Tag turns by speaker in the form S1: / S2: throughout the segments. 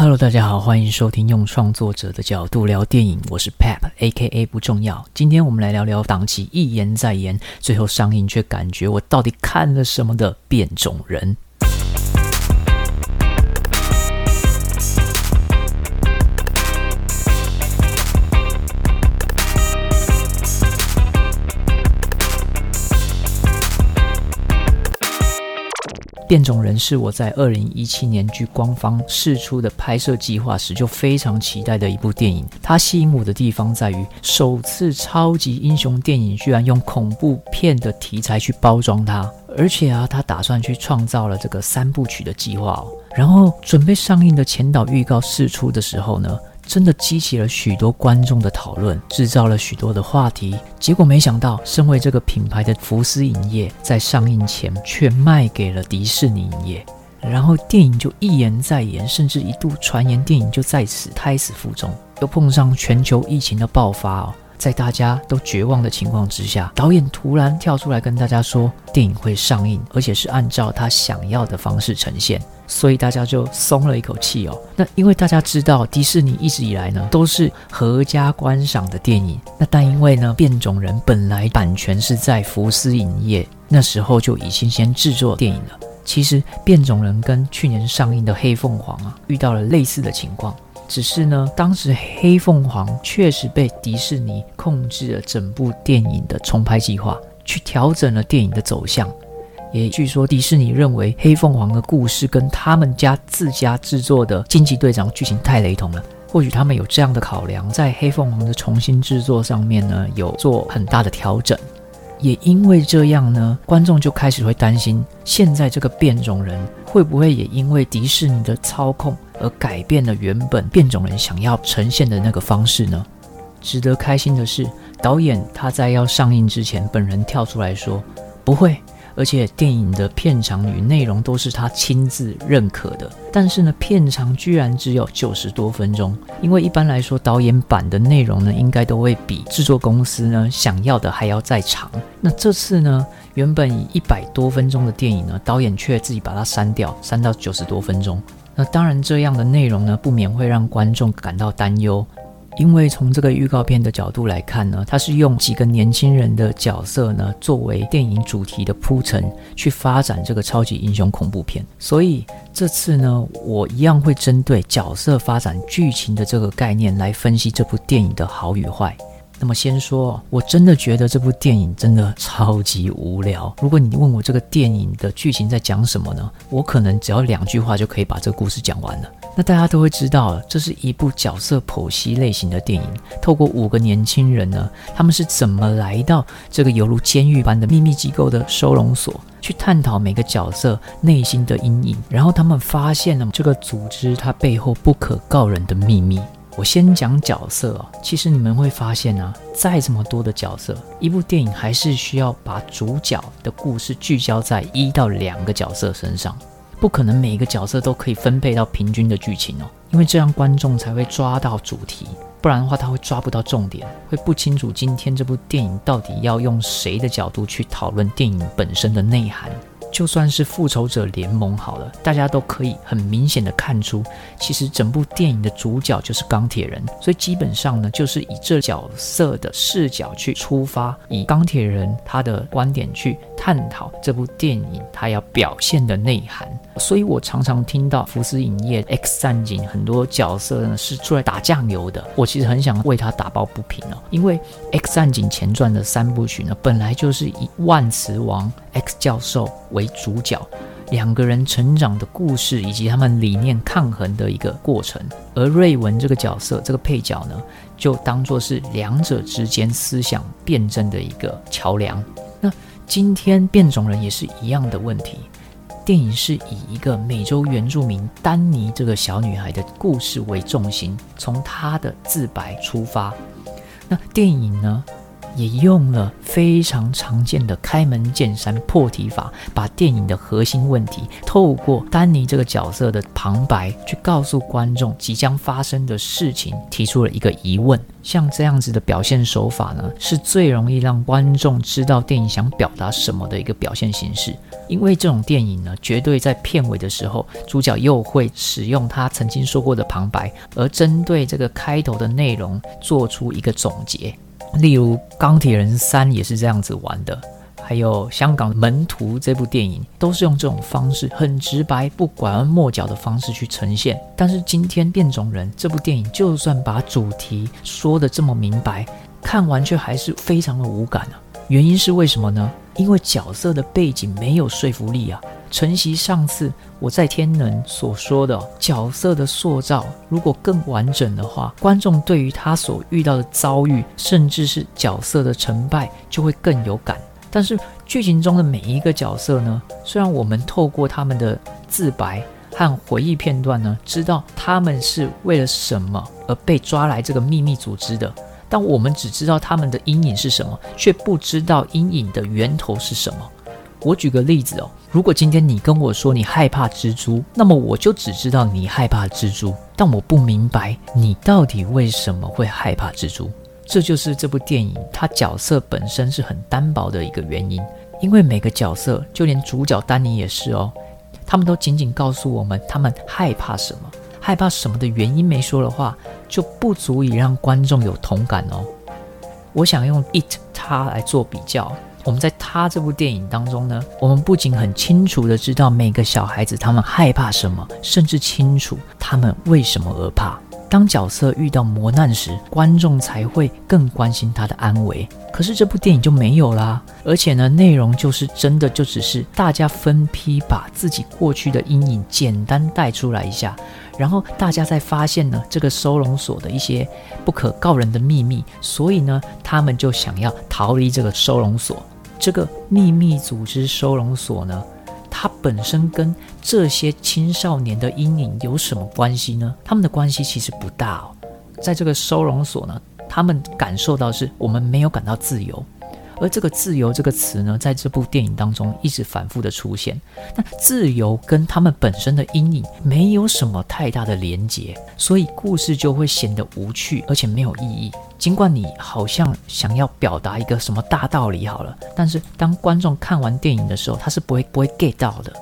S1: Hello，大家好，歡迎收聽用創作者的角度聊電影，我是 Pep，A.K.A 不重要。今天我們來聊聊檔期一延再延，最後上映，卻感覺我到底看了什麼的《變種人》。《變種人》是我在二零一七年據官方釋出的拍攝計劃時就非常期待的一部電影。它吸引我的地方在於，首次超級英雄電影居然用恐怖片的題材去包裝它，而且啊，他打算去創造了這個三部曲的計劃哦。然後準備上映的前導預告釋出的時候呢，真的激起了許多觀眾的討論，製造了許多的話題。結果沒想到，身為這個品牌的福斯影業在上映前卻賣給了迪士尼影業，然後電影就一延再延，甚至一度傳言電影就在此胎死腹中。又碰上全球疫情的爆發哦，在大家都絕望的情況之下，導演突然跳出來跟大家說，電影會上映，而且是按照他想要的方式呈現。所以大家就鬆了一口氣哦。那因為大家知道，迪士尼一直以來呢都是合家觀賞的電影。那但因為呢，變種人本來版權是在福斯影業，那時候就已經先制作電影了。其實變種人跟去年上映的黑鳳凰啊遇到了類似的情況，只是呢，當時黑鳳凰確實被迪士尼控制了整部電影的重拍計劃，去調整了電影的走向。也據說迪士尼認為《黑鳳凰》的故事跟他們家自家製作的《驚奇隊長》劇情太雷同了。或許他們有這樣的考量，在《黑鳳凰》的重新製作上面呢，有做很大的調整。也因為這樣呢，觀眾就開始會擔心，現在這個變種人會不會也因為迪士尼的操控而改變了原本變種人想要呈現的那個方式呢？值得開心的是，導演他在要上映之前本人跳出來說，不會。而且電影的片長與內容都是他親自認可的，但是呢，片長居然只有九十多分鐘。因為一般來說，導演版的內容呢，應該都會比製作公司呢想要的還要再長。那這次呢，原本以一百多分鐘的電影呢，導演卻自己把它刪掉，刪到九十多分鐘。那當然，這樣的內容呢，不免會讓觀眾感到擔憂。因為從這個預告片的角度來看呢，它是用幾個年輕人的角色呢作為電影主題的鋪陳，去發展這個超級英雄恐怖片。所以這次呢，我一樣會針對角色發展劇情的這個概念來分析這部電影的好與壞。那麼先說，我真的覺得這部電影真的超級無聊。如果你問我這個電影的劇情在講什麼呢？我可能只要兩句話就可以把這個故事講完了。那大家都會知道，這是一部角色剖析類型的電影，透過五個年輕人呢，他們是怎麼來到這個猶如監獄般的秘密機構的收容所，去探討每個角色內心的陰影，然後他們發現了這個組織它背後不可告人的秘密。我先講角色啊，其實你們會發現呢，啊，再這麼多的角色，一部電影還是需要把主角的故事聚焦在一到兩個角色身上，不可能每一個角色都可以分配到平均的劇情哦，因為這樣觀眾才會抓到主題，不然的話他會抓不到重點，會不清楚今天這部電影到底要用誰的角度去討論電影本身的內涵。就算是復仇者聯盟好了，大家都可以很明顯的看出，其實整部電影的主角就是鋼鐵人，所以基本上呢，就是以這角色的視角去出發，以鋼鐵人他的觀點去。探討這部電影它要表現的內涵，所以我常常聽到福斯影業《X 戰警》很多角色呢是出來打醬油的，我其實很想為他打抱不平哦，因為《X 戰警前傳》的三部曲呢本來就是以萬磁王、X 教授為主角，兩個人成長的故事以及他們理念抗衡的一個過程，而瑞文這個角色這個配角呢，就當做是兩者之間思想辯證的一個橋梁。今天變種人也是一樣的問題，電影是以一個美洲原住民丹尼這個小女孩的故事為重心，從她的自白出發。那電影呢，也用了非常常見的開門見山破題法，把電影的核心問題透過丹尼這個角色的旁白去告訴觀眾即將發生的事情，提出了一個疑問。像這樣子的表現手法呢，是最容易讓觀眾知道電影想表達什麼的一個表現形式。因為這種電影呢，絕對在片尾的時候，主角又會使用他曾經說過的旁白，而針對這個開頭的內容做出一個總結。例如《鋼鐵人三》也是這樣子玩的，還有香港《門徒》這部電影，都是用這種方式很直白、不拐彎抹角的方式去呈現。但是今天《變種人》這部電影，就算把主題說得這麼明白，看完卻還是非常的無感啊！原因是為什麼呢？因為角色的背景沒有說服力啊！承襲上次我在天能所說的角色的塑造，如果更完整的話，觀眾對於他所遇到的遭遇，甚至是角色的成敗，就會更有感。但是劇情中的每一個角色呢？雖然我們透過他們的自白和回憶片段呢，知道他們是為了什麼而被抓來這個秘密組織的，但我們只知道他們的陰影是什麼，卻不知道陰影的源頭是什麼。我舉個例子哦。如果今天你跟我說你害怕蜘蛛，那麼我就只知道你害怕蜘蛛，但我不明白你到底為什麼會害怕蜘蛛。這就是這部電影它角色本身是很單薄的一個原因，因為每個角色，就連主角丹尼也是哦，他們都僅僅告訴我們他們害怕什麼，害怕什麼的原因沒說的話，就不足以讓觀眾有同感哦。我想用 it 它來做比較。我們在他這部電影當中呢，我們不僅很清楚地知道每個小孩子他們害怕什麼，甚至清楚他們為什麼而怕。當角色遇到磨難時，觀眾才會更關心他的安危。可是這部電影就沒有啦，而且呢，內容就是真的就只是大家分批把自己過去的陰影簡單帶出來一下。然後大家才發現呢，這個收容所的一些不可告人的秘密，所以呢，他們就想要逃離這個收容所。這個秘密組織收容所呢，它本身跟這些青少年的陰影有什麼關係呢？他們的關係其實不大哦。在這個收容所呢，他們感受到是我們沒有感到自由。而這個“自由”這個詞呢，在這部電影當中一直反復的出現。但自由跟他們本身的陰影沒有什麼太大的連結，所以故事就會顯得無趣，而且沒有意義。儘管你好像想要表達一個什麼大道理，好了，但是當觀眾看完電影的時候，他是不會不會 get 到的。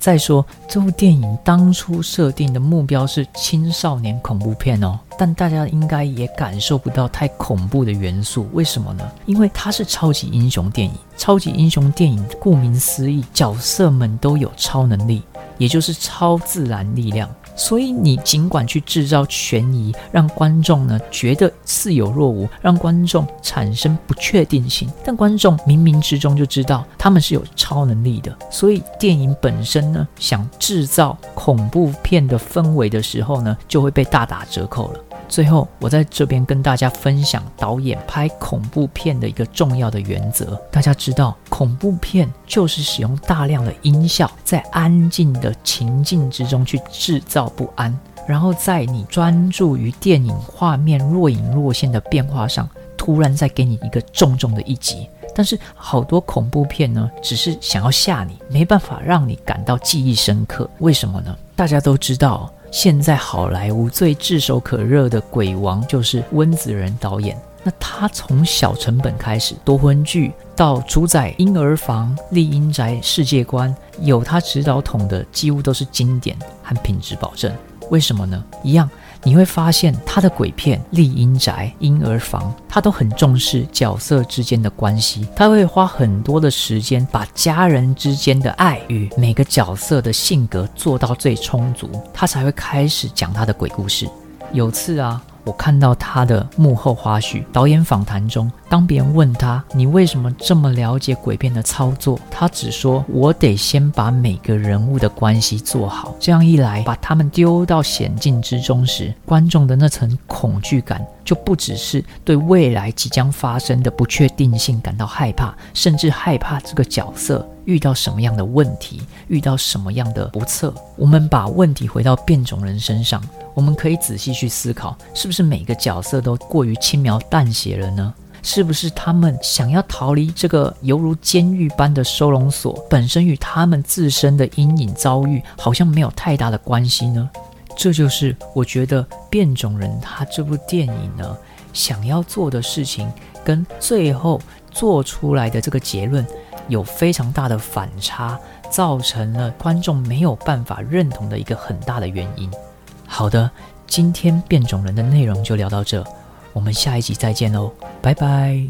S1: 再說，這部電影當初設定的目標是青少年恐怖片哦，但大家應該也感受不到太恐怖的元素，為什麼呢？因為它是超級英雄電影。超級英雄電影顧名思義，角色們都有超能力，也就是超自然力量。所以你儘管去製造懸疑，讓觀眾呢覺得似有若無，讓觀眾產生不確定性，但觀眾冥冥之中就知道他們是有超能力的。所以電影本身呢想製造恐怖片的氛圍的時候呢，就會被大打折扣了。最後我在這邊跟大家分享導演拍恐怖片的一個重要的原則，大家知道。恐怖片就是使用大量的音效，在安靜的情境之中去製造不安，然後在你專注於電影畫面若隱若現的變化上，突然再給你一個重重的一擊。但是好多恐怖片呢，只是想要嚇你，沒辦法讓你感到記憶深刻。為什麼呢？大家都知道，現在好萊塢最炙手可熱的鬼王就是溫子仁導演。那他從小成本開始，奪魂鋸到主宰陰兒房、厲陰宅世界觀，有他指導筒的，幾乎都是經典和品質保證。為什麼呢？一樣，你會發現他的鬼片、厲陰宅、陰兒房，他都很重視角色之間的關係，他會花很多的時間把家人之間的愛與每個角色的性格做到最充足，他才會開始講他的鬼故事。有次啊。我看到他的幕後花絮，導演訪談中。當別人問他你為什麼這麼了解鬼片的操作，他只說：“我得先把每個人物的關係做好，這樣一來，把他們丟到險境之中時，觀眾的那層恐懼感就不只是對未來即將發生的不確定性感到害怕，甚至害怕這個角色遇到什麼樣的問題，遇到什麼樣的不測。我們把問題回到變種人身上，我們可以仔細去思考，是不是每個角色都過於輕描淡寫了呢？”是不是他們想要逃離這個猶如監獄般的收容所，本身與他們自身的陰影遭遇好像沒有太大的關係呢？這就是我覺得《變種人》他這部電影呢，想要做的事情，跟最後做出來的這個結論有非常大的反差，造成了觀眾沒有辦法認同的一個很大的原因。好的，今天《變種人》的內容就聊到這。我們下一集再見嘍，拜拜。